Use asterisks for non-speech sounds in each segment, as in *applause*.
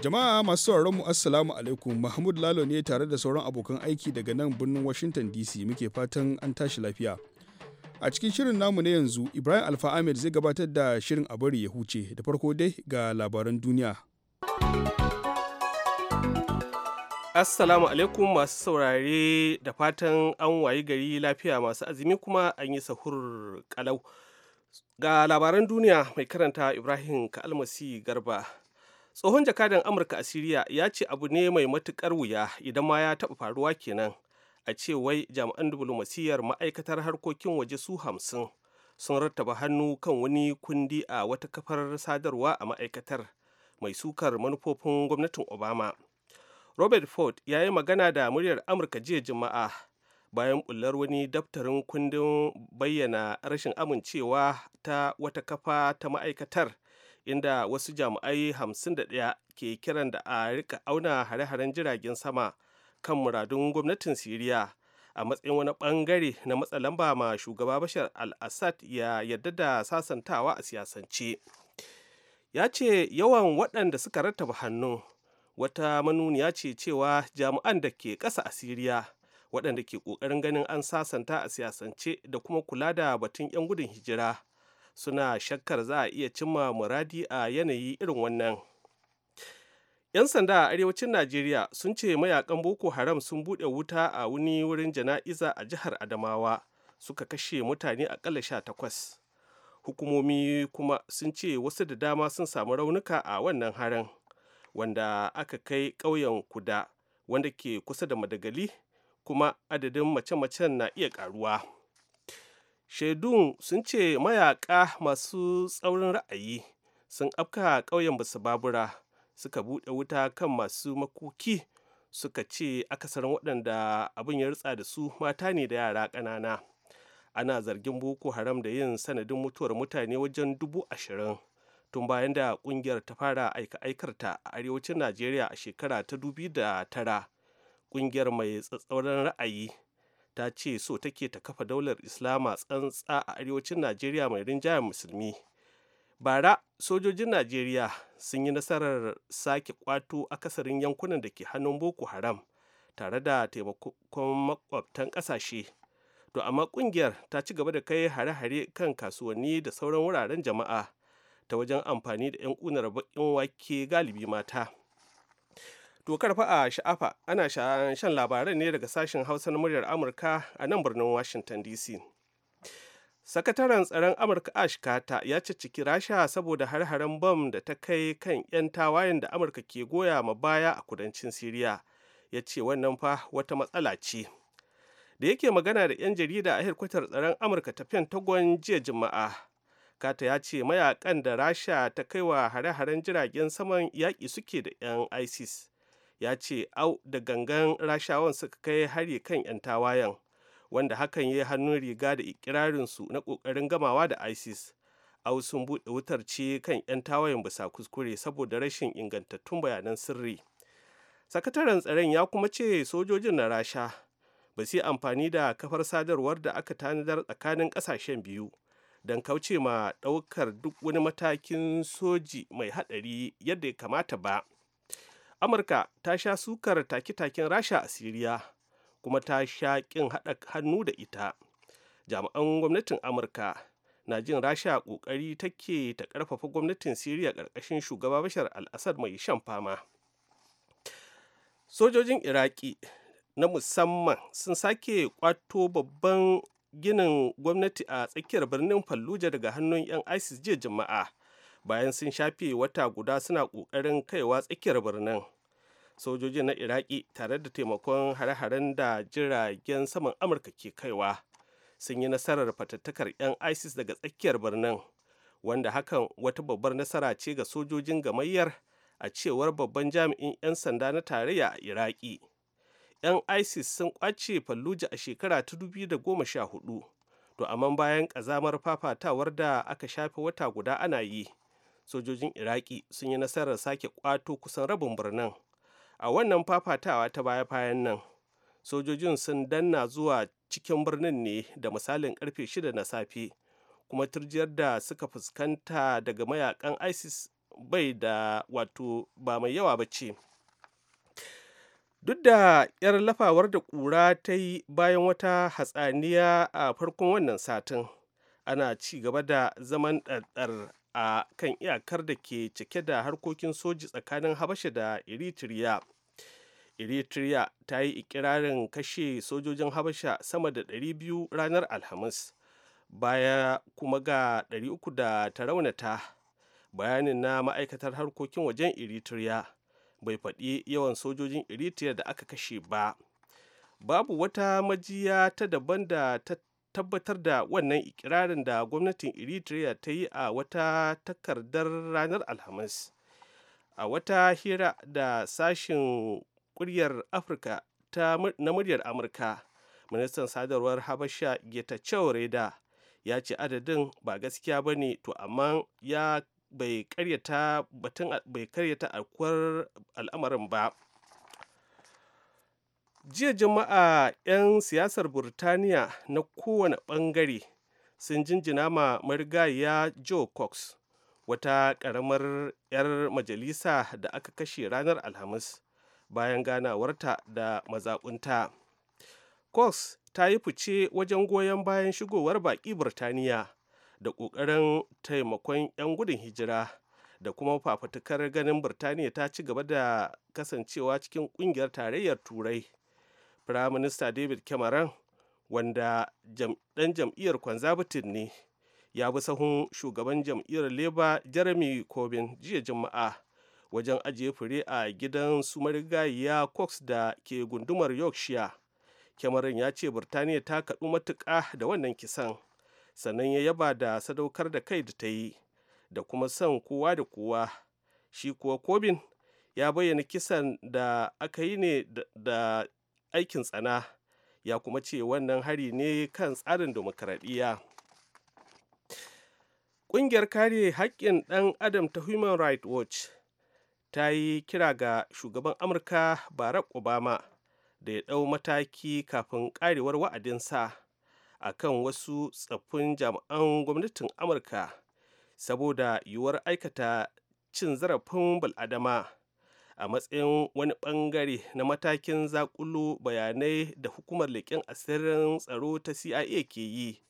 Jama'a masu sauraron mu Assalamu alaikum Mahmud Lalo ne tare da sauran abokan aiki daga nan birnin Washington DC muke fatan an tashi lafiya. A cikin shirin namu na yanzu Ibrahim Alfa Ahmed zai gabatar da shirin a bari ya huce da farko dai ga labaran duniya. Assalamu alaikum masu saurare da fatan an wayi gari lafiya masu azumi kuma an yi sahur kalau. Ga labaran duniya mai karanta Ibrahim Ka'almasi Garba. tsohon jakadan amurka a siriya ya ce abu ne mai matukar wuya idan ma ya taɓa faruwa kenan a ce wai jami'an diflomasiyyar ma'aikatar harkokin waje su hamsin sun rattaba hannu kan wani kundi a wata kafar sadarwa a ma'aikatar mai sukar manufofin gwamnatin obama robert ford ya yi magana da muryar amurka jiya juma'a bayan bullar wani daftarin kundin bayyana rashin amincewa ta wata kafa ta ma'aikatar inda wasu jami'ai 51 ke kiran da a rika auna hare-haren jiragen sama kan muradun gwamnatin siriya a matsayin wani bangare na matsa lamba ma shugaba bashar al-assad ya yadda da sasantawa a siyasance ya ce yawan waɗanda suka rattaba hannu wata manuniya ce cewa jami'an da ke ƙasa a siriya waɗanda ke ƙoƙarin ganin an sasanta a siyasance da kuma kula da batun 'yan gudun hijira suna shakkar za a iya cimma muradi a yanayi irin wannan 'yan sanda a arewacin najeriya sun ce mayakan boko haram sun buɗe wuta a wani wurin jana'iza a jihar adamawa suka kashe mutane aƙalla sha takwas hukumomi kuma sun ce wasu da dama sun samu raunuka a wannan harin wanda aka kai ƙauyen kuda wanda ke kusa da madagali kuma adadin mace-macen na iya ƙaruwa. shaidun sun ce mayaka masu tsaurin ra'ayi sun afka ƙauyen basu babura suka buɗe wuta kan masu makoki suka ce akasarin waɗanda abin ya rutsa da su mata ne da yara ƙanana ana zargin boko haram da yin sanadin mutuwar mutane wajen dubu ashirin tun bayan da ƙungiyar ta fara aika-aikarta a arewacin najeriya a shekara ta dubi da tara ƙungiyar mai tsatsauran ra'ayi ta ce so take ta kafa daular islama tsantsa a arewacin najeriya mai rinjayen musulmi bara sojojin najeriya sun yi nasarar sake kwato akasarin yankunan da ke hannun boko haram tare da taimakon makwabtan kasashe to amma kungiyar ta ci gaba da kai hare-hare kan kasuwanni da sauran wuraren jama'a ta wajen amfani da 'yan kunar bakin wake galibi mata Dokar fa'a a sha'afa ana shan labaran ne daga sashen Hausa na muryar Amurka a nan birnin Washington DC. Sakataren tsaron Amurka Ash Carter ya cicciki Rasha saboda har-haren bam da ta kai kan 'yan tawayen da Amurka ke goya ma baya a kudancin Siriya. Ya ce wannan fa wata matsala ce. Da yake magana da 'yan jarida a hirkutar tsaron Amurka ta Pentagon jiya Juma'a. Kata ya ce mayakan da Rasha ta kaiwa wa hare-haren jiragen saman yaƙi suke da 'yan ISIS. ya ce au da gangan rashawan suka kai hari kan 'yan tawayen wanda hakan ya hannun riga da ikirarinsu na ƙoƙarin gamawa da isis au sun buɗe wutar ce kan 'yan tawayen bisa kuskure saboda rashin ingantattun bayanan sirri sakataren tsaron ya kuma ce sojojin na rasha ba su yi amfani da kafar sadarwar da aka tanadar tsakanin ƙasashen biyu don kauce ma ɗaukar duk wani matakin soji mai haɗari yadda ya kamata ba amurka ta sha sukar take-taken rasha a siriya kuma ta sha ƙin haɗa hannu da ita jami'an gwamnatin amurka na jin rasha ƙoƙari take ta ƙarfafa gwamnatin siriya ƙarƙashin shugaba bashar al-assad mai shan fama sojojin iraki na musamman sun sake kwato babban ginin gwamnati a tsakiyar birnin fallujah daga hannun 'yan isis jiya juma'a bayan sun shafe wata guda suna ƙoƙarin kaiwa tsakiyar birnin Sojoji na iraki tare da taimakon hare-haren da jiragen saman amurka ke kaiwa sun yi nasarar fatattakar 'yan isis daga tsakiyar birnin wanda hakan wata babbar nasara ce ga sojojin gamayyar a cewar babban jami'in 'yan sanda na tarayya a iraki 'yan isis sun kwace fallujah a shekara ta dubi da goma sha hudu to amma bayan ƙazamar fafatawar da aka shafe wata guda ana yi sojojin iraki sun yi nasarar sake kwato kusan rabin birnin a wannan fafatawa ta baya-bayan nan sojojin sun danna zuwa cikin birnin ne da misalin karfe 6 na safe kuma turjiyar da suka fuskanta daga mayakan isis bai da wato ba mai yawa ba ce duk da yar lafawar da kura ta yi bayan wata hatsaniya a farkon wannan satin ana ci gaba da zaman ɗarɗar a kan iyakar da ke cike da harkokin soji tsakanin habasha da eritrea eritrea ta yi ikirarin kashe sojojin habasha sama da 200 ranar alhamis baya kuma ga 300 da ta raunata bayanin na ma'aikatar harkokin wajen eritrea bai faɗi yawan sojojin eritrea da aka kashe ba babu wata majiya ta daban da ta tabbatar da wannan ikirarin da gwamnatin eritrea ta yi a wata takardar ranar alhamis a wata hira da sashin kuryar afirka na muryar amurka ministan sadarwar habasha geta da ya ce adadin ba gaskiya ba ne to amma ya bai karyata batun bai karyata al'amarin ba jiya jama'a 'yan siyasar burtaniya na kowane ɓangare sun jinjina ma marigayya joe cox wata ƙaramar 'yar majalisa da aka kashe ranar alhamis bayan ganawarta da mazaɓunta cox ta yi fice wajen goyon bayan shigowar baƙi burtaniya da ƙoƙarin taimakon 'yan gudun hijira da kuma fafutukar ganin burtaniya ta ci gaba da kasancewa cikin ƙungiyar tarayyar turai firaminista david cameron wanda ɗan jam'iyyar conservative ne ya bi sahun shugaban jam'iyyar labour jeremy corbyn jiya juma'a wajen ajiye fure a gidan su marigayiya cox da ke gundumar yorkshire cameron ya ce birtaniya ta kaɗu matuƙa da wannan kisan sannan ya yaba da sadaukar da kai da ta yi da kuma son kowa da kowa shi kuwa kobin ya bayyana kisan da aka yi ne da aikin tsana ya kuma ce wannan hari ne kan tsarin demokaradiyya ƙungiyar kare haƙƙin ɗan adam ta human rights watch ta yi kira ga shugaban amurka barack obama da ya ɗau mataki kafin ƙarewar wa'adinsa a kan wasu tsaffin jami'an gwamnatin amurka saboda yiwuwar aikata cin zarafin bil'adama a matsayin wani bangare na matakin zakulo bayanai da hukumar leƙen asirin tsaro ta cia ke yi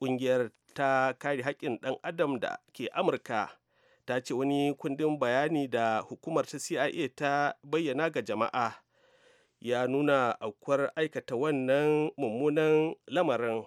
ƙungiyar ta kare haƙƙin ɗan adam da ke amurka ta ce wani kundin bayani da hukumar ta cia ta bayyana ga jama'a ya nuna aukuwar aikata wannan mummunan lamarin.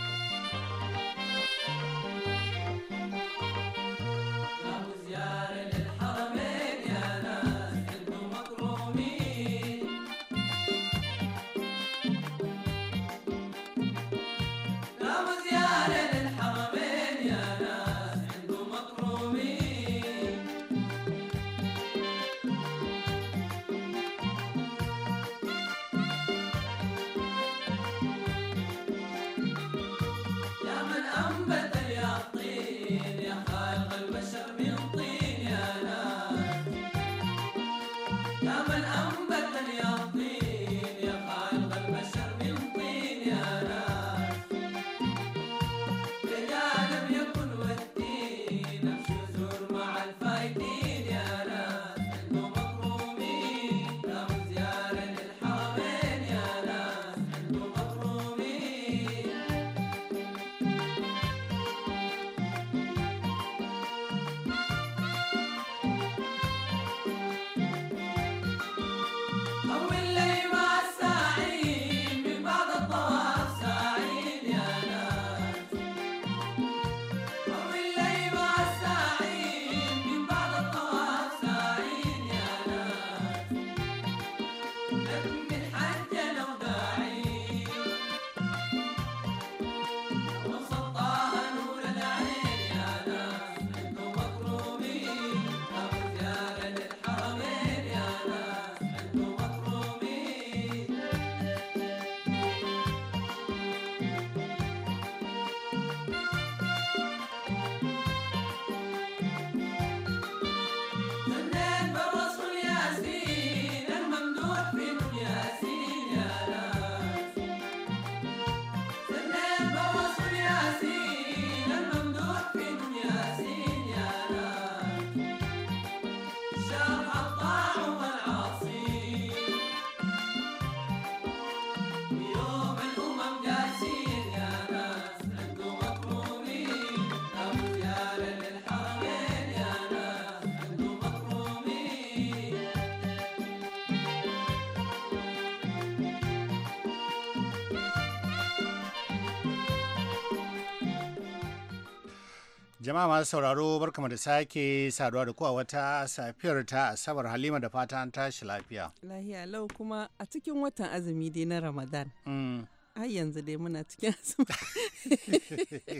Jama'a masu sauraro barkamu da sake saduwa da kowa wata safiyar ta asabar Halima da fata an tashi lafiya. Lahiya lau kuma a cikin watan azumi dai na Ramadan. Mm. ai yanzu dai muna cikin azumi.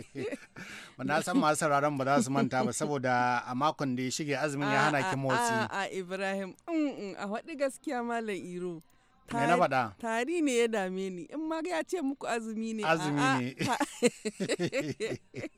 *laughs* na san masu sauraron ba za su manta ba saboda a makon da ya shige azumin ya hana ki motsi. A Ibrahim, a faɗi gaskiya Malam Iro. Me na faɗa? Tari ne ya dame ni, in ma ya ce muku azumi ne. Azumi ne. *laughs*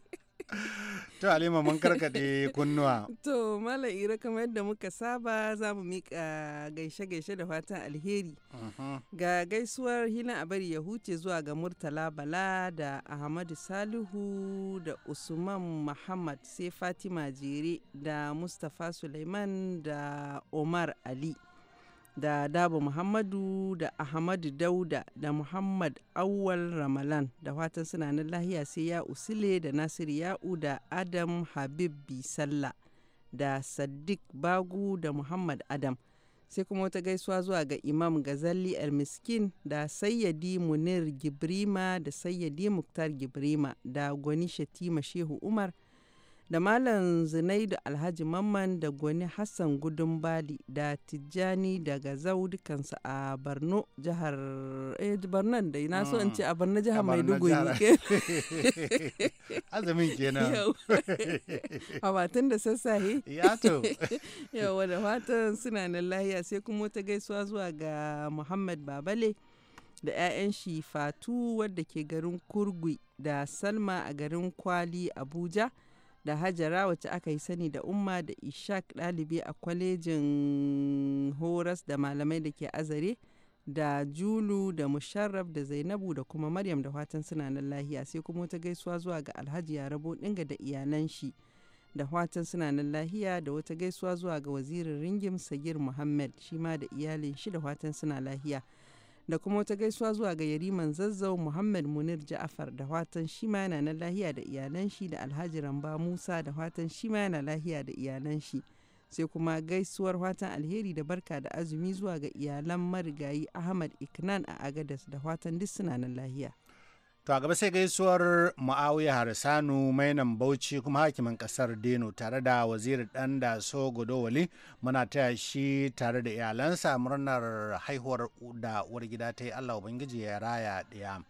*laughs* to alima mun karkade kunnuwa to mala ira kamar yadda muka saba za mu mika gaishe gaishe da fatan alheri mm-hmm. ga gaisuwar hilin abari ya huce zuwa ga murtala bala da ahmadu salihu da usman muhammad sai fatima jere da mustapha suleiman da omar ali da Dabo Muhammadu da Ahmadu Dauda da Muhammad Awwal Ramalan da fatan suna nan lahiya sai ya usile da Nasiru Ya'u da Adam Habib Bisalla da Sadiq, Bagu da Muhammad Adam. Sai kuma wata gaisuwa zuwa ga Imam Gazali Al-Miskin da Sayyadi Munir Gibrima da Sayyadi Muktar Gibrima da Gwani Shatima Shehu Umar. da Malam Zinaidu Alhaji Mamman da Gwani Hassan Gudun Bali da Tijjani daga Zau dukansu a Borno jihar eh Borno da ina so in ce a hmm. Borno jihar Maiduguri. *laughs* Azumin kenan. *laughs* A watan da sassahe. Ya to. *laughs* Yawa da fatan suna na lahiya sai kuma wata gaisuwa zuwa ga Muhammad Babale. da 'ya'yan shi fatu wadda ke garin kurgui da salma a garin kwali abuja da Hajara wacce aka yi sani da Umma da Ishak dalibi a kwalejin Horas da malamai da ke Azare da Julu da Musharraf da Zainabu da kuma Maryam da watan suna nan lahiya sai kuma wata gaisuwa zuwa ga Alhaji Yarabo Dinga da iyalan shi da watan suna nan lahiya da wata gaisuwa zuwa ga wazirin Ringim Sagir Muhammad shi ma da iyalin shi da watan suna lahiya. da kuma wata gaisuwa zuwa ga yariman zazzau muhammad munir ja'afar da watan shi ma yana nan lahiya da iyalan shi da alhaji ramba musa da watan shi ma yana lahiya da iyalan shi sai kuma gaisuwar watan alheri da barka da azumi zuwa ga iyalan marigayi ahmad iknan a agadas da watan duk suna nan lahiya To a gaba sai gaisuwar muawiya Harisanu mainan Bauchi kuma hakimin kasar Deno tare da wazirin dan da so Godowali muna taya shi tare da iyalansa murnar haihuwar da uwar gida ta yi Allah Ubangiji ya raya ɗaya.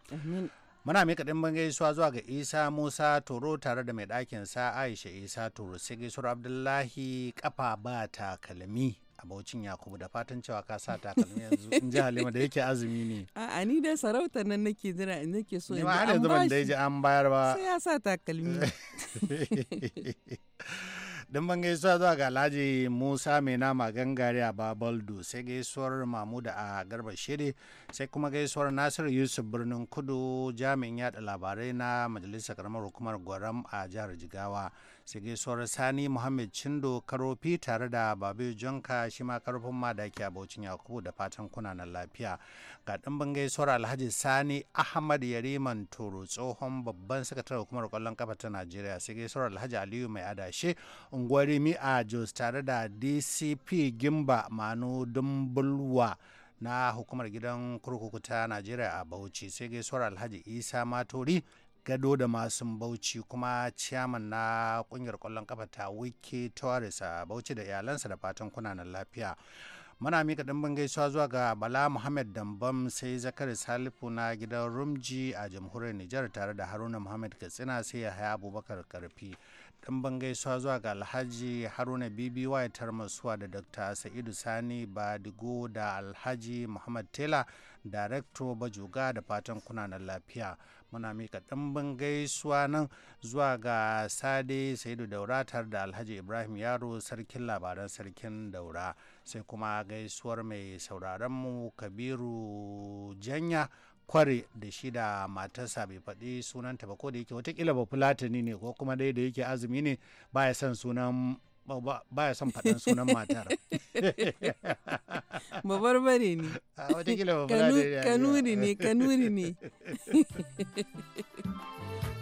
Muna mai kaɗin ban gaisuwa zuwa ga Isa Musa Toro tare da mai ɗakin sa Aisha Isa Toro sai gaisuwar Abdullahi kafa ba takalmi a Yakubu da fatan cewa ka sa takalmi yanzu in ji Halima da yake azumi ne. A'a ni dai sarauta nan nake jira in nake so in an ba shi. Ni ma an bayar ba. Sai ya sa takalmi. *laughs* *laughs* ban gaisuwa zuwa ga Alhaji Musa mai nama gangare a Babaldu sai gaisuwar Mamuda a Garba Shiri sai kuma gaisuwar Nasiru Yusuf birnin Kudu jami'in yada labarai na Majalisar Karamar Hukumar Gwaram a Jihar Jigawa. sai gaisuwar sani muhammad cindo karofi tare da babu jonka shi ma karfin madaki abocin yakubu da fatan kuna na lafiya ga ɗan gaisuwar alhaji sani ahmad yariman toro tsohon babban sakatar hukumar kwallon kafa ta najeriya sai gaisuwar alhaji aliyu mai adashe unguwar a jos tare da dcp gimba manu dumbulwa na hukumar gidan kurkuku ta najeriya a bauchi sai gaisuwar alhaji isa matori gado da masu bauchi kuma ciyaman na kungiyar kwallon kafa ta wiki torres a bauchi da iyalansa da fatan kunanan lafiya muna mika dimbin gaisuwa zuwa ga bala muhammad dambam sai zakari salifu na gidan rumji a jamhuriyar nijar tare da haruna muhammad katsina sai ya haya abubakar karfi ban gaisuwa zuwa ga alhaji haruna bibi wayatar masuwa da dr sa'idu sani badigo da alhaji muhammad tela ba bajuga da fatan kunanan lafiya muna mika ɗan gaisuwa nan zuwa ga sade saidu dauratar da alhaji ibrahim yaro sarkin labaran sarkin daura sai kuma gaisuwar mai mu kabiru janya kware da shi da matarsa bai faɗi sunanta ba ko da yake watakila ba fulatani ne ko kuma dai da yake azumi ne baya son sunan baya son faɗin sunan matar *laughs* ba bare ne watakila ba kanuri ne kanuri ne *laughs*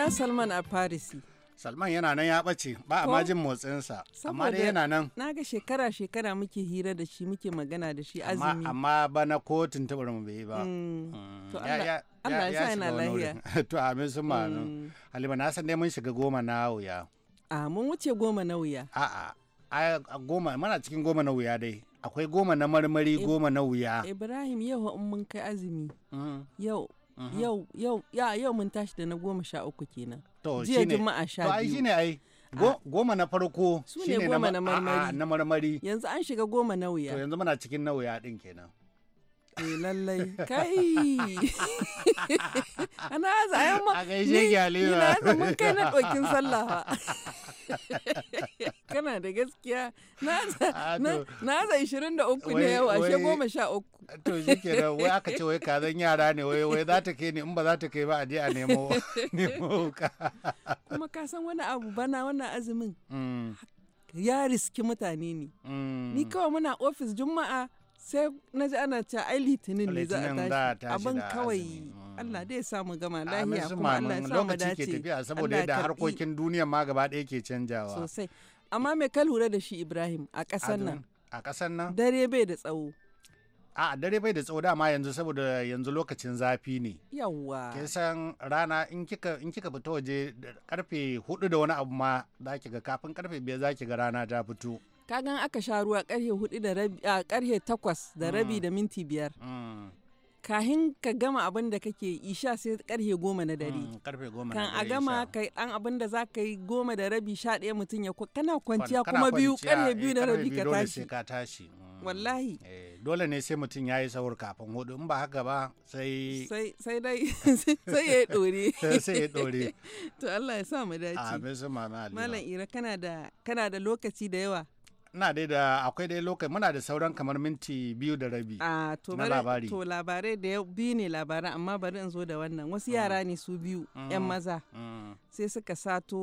ina salman a Paris. salman yana nan ya ɓace ba a majin motsinsa amma dai yana nan na ga shekara shekara muke hira da shi muke magana da shi azumi amma bana kotun tuntubar mu bai ba mm. Mm. Allah ya sa yana lahiya *laughs* to amin sun ma mm. halima na san dai mun shiga goma na wuya a mun wuce goma na wuya a a goma mana cikin goma na wuya dai akwai goma na marmari goma na wuya ibrahim yau in mun kai azumi yau yau yau ya yau mun tashi da na goma sha uku kenan jiya juma'a sha biyu to ai shine ai ah. goma na farko shine goma na marmari na marmari yanzu an shiga goma na wuya to yanzu muna cikin na wuya din kenan eh lallai *laughs* kai *laughs* ana za a yamma a gaishe gyale ba mun kai na dokin *laughs* sallah kana da gaskiya na za 23 ah, ne yawa she 13 to shi ke da wai aka ce wai kazan yara ne wai wai za ta kai ne in ba za ta kai ba a je a nemo nemo ka kuma ka san wani abu bana wannan azumin mm. ya riski mutane ne mm. ni kawai muna ofis juma'a sai na ji ana cewa ai litinin ne za a tashi abin kawai mm. Allah dai sa mu gama lahiya kuma Allah ya sa mu dace ke tafiya saboda yadda harkokin duniya ma gaba ɗaya ke canjawa sosai amma me ka lura da shi Ibrahim a ƙasar nan a ƙasar nan dare bai da tsawo a dare bai da tsawo dama yanzu saboda yanzu lokacin zafi ne yawwa ke san rana in kika in kika fita waje karfe hudu da wani abu ma zaki ga kafin karfe biyar zaki ga rana ta fito kagan aka sha ruwa karhe hudu da rabi a karhe takwas da mm. rabi da minti biyar mm. kahin ka gama abin da kake isha sai karhe goma na dare mm, kan a gama kai an abin da za ka yi goma da rabi sha ɗaya mutum ya kana kwanciya kuma biyu karhe biyu eh, na rabi ka tashi wallahi eh, dole ne sai mutum ya yi sahur kafin hudu in ba haka ba sai sai dai *laughs* sai ya dore *laughs* sai ya dore *laughs* to Allah ya sa mu dace amin su mama malam ira kana da kana da lokaci da yawa na dai da akwai dai lokaci muna da sauran kamar minti biyu da rabi a labari to labarai da biyu ne labarai amma bari in zo da wannan wasu yara ne su biyu yan mm, maza mm, mm. sai suka sato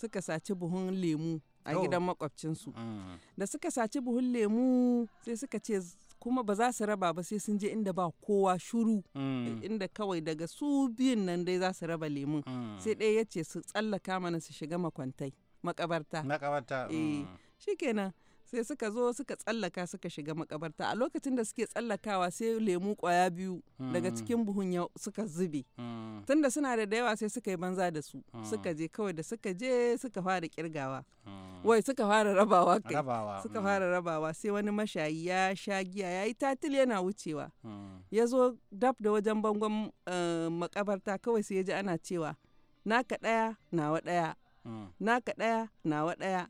suka saci buhun lemu a oh. gidan makwabcinsu da suka saci buhun lemu sai suka ce kuma ba za su raba ba sai sun je inda ba kowa shuru inda kawai daga su biyun nan dai za su raba lemu sai ɗaya ya ce su tsallaka mana su shiga makwantai makabarta eh, shikenan sai suka zo suka tsallaka suka shiga makabarta a lokacin da suke tsallakawa sai lemu kwaya biyu daga hmm. cikin buhun suka zube hmm. tunda suna da yawa sai suka yi banza da su hmm. suka je kawai da suka je suka fara kirgawa wai suka fara rabawa kai suka fara rabawa sai wani mashayi ya sha giya ya yi tatil yana wucewa ya zo dab da wajen bangon eh, makabarta kawai sai ya ji ana cewa naka ɗaya nawa ɗaya naka ɗaya nawa ɗaya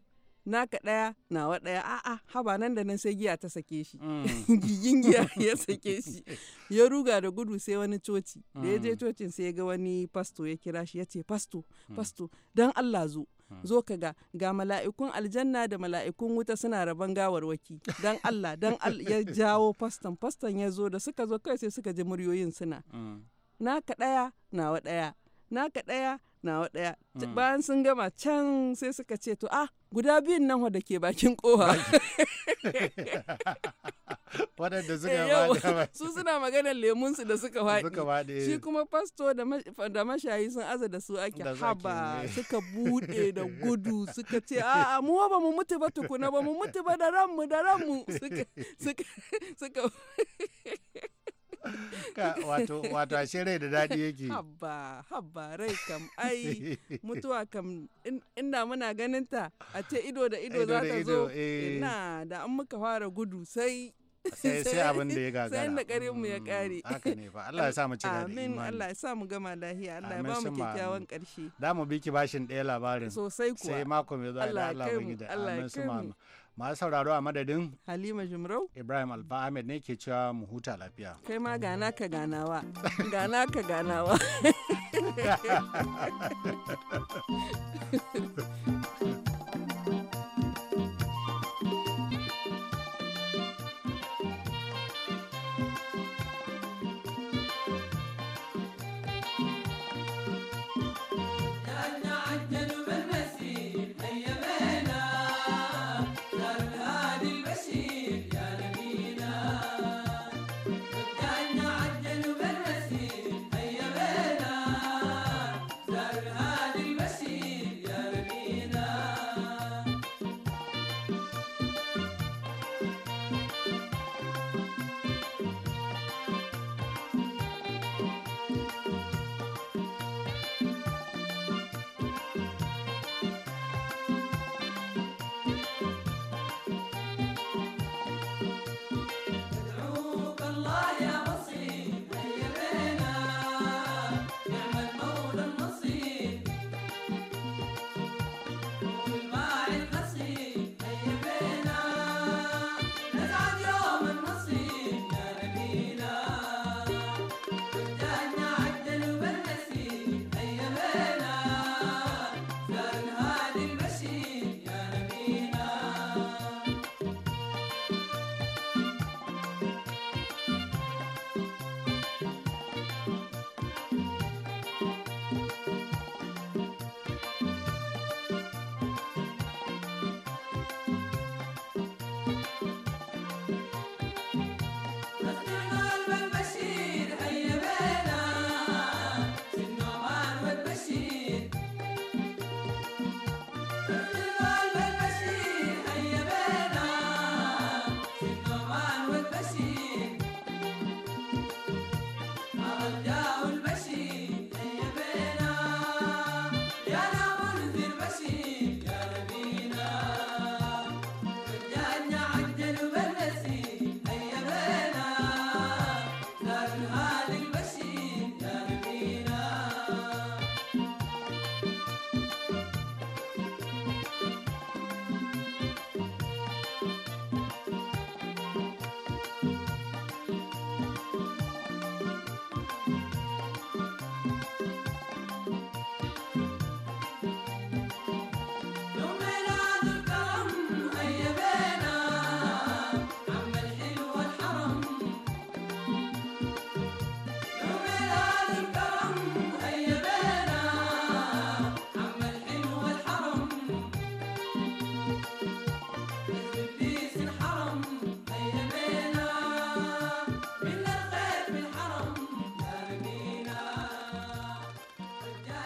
naka ɗaya nawa ɗaya a'a haba nan da nan sai giya ta sake shi mm. *laughs* gigin giya *laughs* ya sake shi ya ruga da gudu sai wani coci da ya je mm. cocin sai ya ga wani pasto ya kira shi ya ce pasto mm. pasto Don Allah zo zo ka ga ga mala'ikun aljanna da mala'ikun wuta suna raban gawarwaki Don Allah dan ya jawo faston faston ya zo da suka zo kai sai suka ji muryoyin suna naka ɗaya nawa ɗaya naka ɗaya nawa ɗaya bayan sun gama can sai suka ce to ah guda biyun nan da ke bakin kowa *laughs* waɗanda suka eh, faɗi su suna maganar lemunsu da suka faɗi shi kuma fasto da mashayi sun aza da su ake haba suka buɗe da *laughs* gudu suka ce a'a mu ba mu mutu ba tukuna ba mu mutu ba da ranmu da ranmu suka suka *laughs* wato wato ashe rai da daɗi yake habba habba rai kam ai mutuwa kam inda muna ganin ta a ce ido da ido za ta zo eh. ina da an muka fara gudu *laughs* sai sai abin da ya gagara sai da karin mu ya kare mm, haka ne fa Allah ya sa mu ci da imani amin Allah ya sa mu gama lafiya Allah ya ba mu kyakkyawan karshe da mu biki bashin ɗaya labarin sosai kuwa sai mako mai zuwa Allah ya Allah amin kai mu masu sauraro a madadin halima jimrau ibrahim alfa ahmed ne ke cewa mu huta lafiya kai ma gana ka ganawa gana ka ganawa *laughs*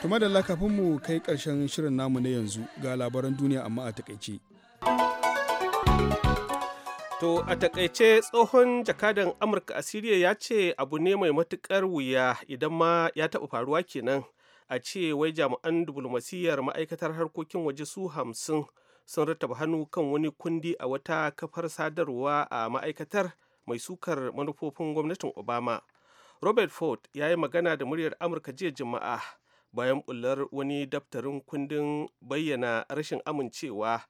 kuma da kafin mu kai karshen shirin namu na yanzu ga labaran duniya amma a takaice. To a takaice tsohon jakadan Amurka a Siriya ya ce abu ne mai matukar wuya idan ma ya taɓa faruwa kenan a ce wai jami'an diflomasiyyar ma'aikatar harkokin waje su hamsin sun rattaba hannu kan wani kundi a wata kafar sadarwa a ma'aikatar mai sukar manufofin gwamnatin Obama. Robert Ford ya yi magana da muryar Amurka jiya Juma'a. bayan bullar wani daftarin kundin bayyana rashin amincewa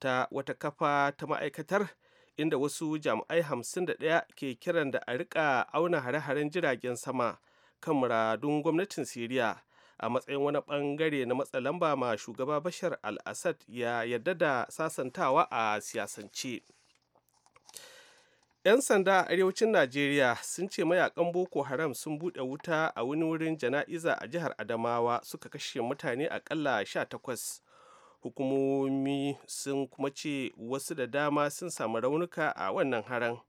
ta wata kafa ta ma'aikatar inda wasu jami'ai hamsin da 51 ke kiran da a rika auna hare-haren jiragen sama kan muradun gwamnatin siriya a matsayin wani bangare na matsa lamba ma shugaba bashar al-assad ya yarda da sasantawa a siyasance. 'Yan sanda a arewacin Najeriya sun ce mayakan Boko Haram sun buɗe wuta a wani wurin jana'iza a jihar Adamawa suka kashe mutane akalla takwas Hukumomi sun kuma ce wasu da dama sun samu raunuka a wannan haran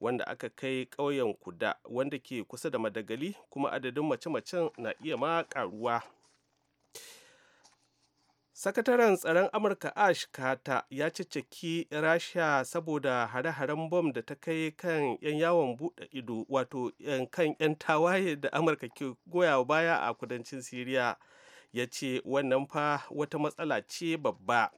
wanda aka kai ƙauyen Kuda wanda ke kusa da Madagali kuma adadin mace-macen na iya ma ƙaruwa. sakataren tsaron amurka ash kata ya cicciki rasha saboda hare-haren bom da ta kai kan 'yan yawon buɗe ido wato kan 'yan tawaye da amurka ke goya baya a kudancin siriya ya ce wannan fa wata matsala ce babba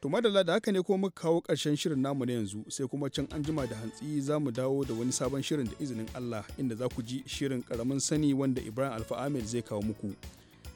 to madalla da haka ne ko muka kawo ƙarshen shirin namu na yanzu sai kuma can an jima da hantsi za mu dawo da wani sabon shirin da izinin allah inda za ku ji shirin ƙaramin sani wanda ibrahim alfa zai kawo muku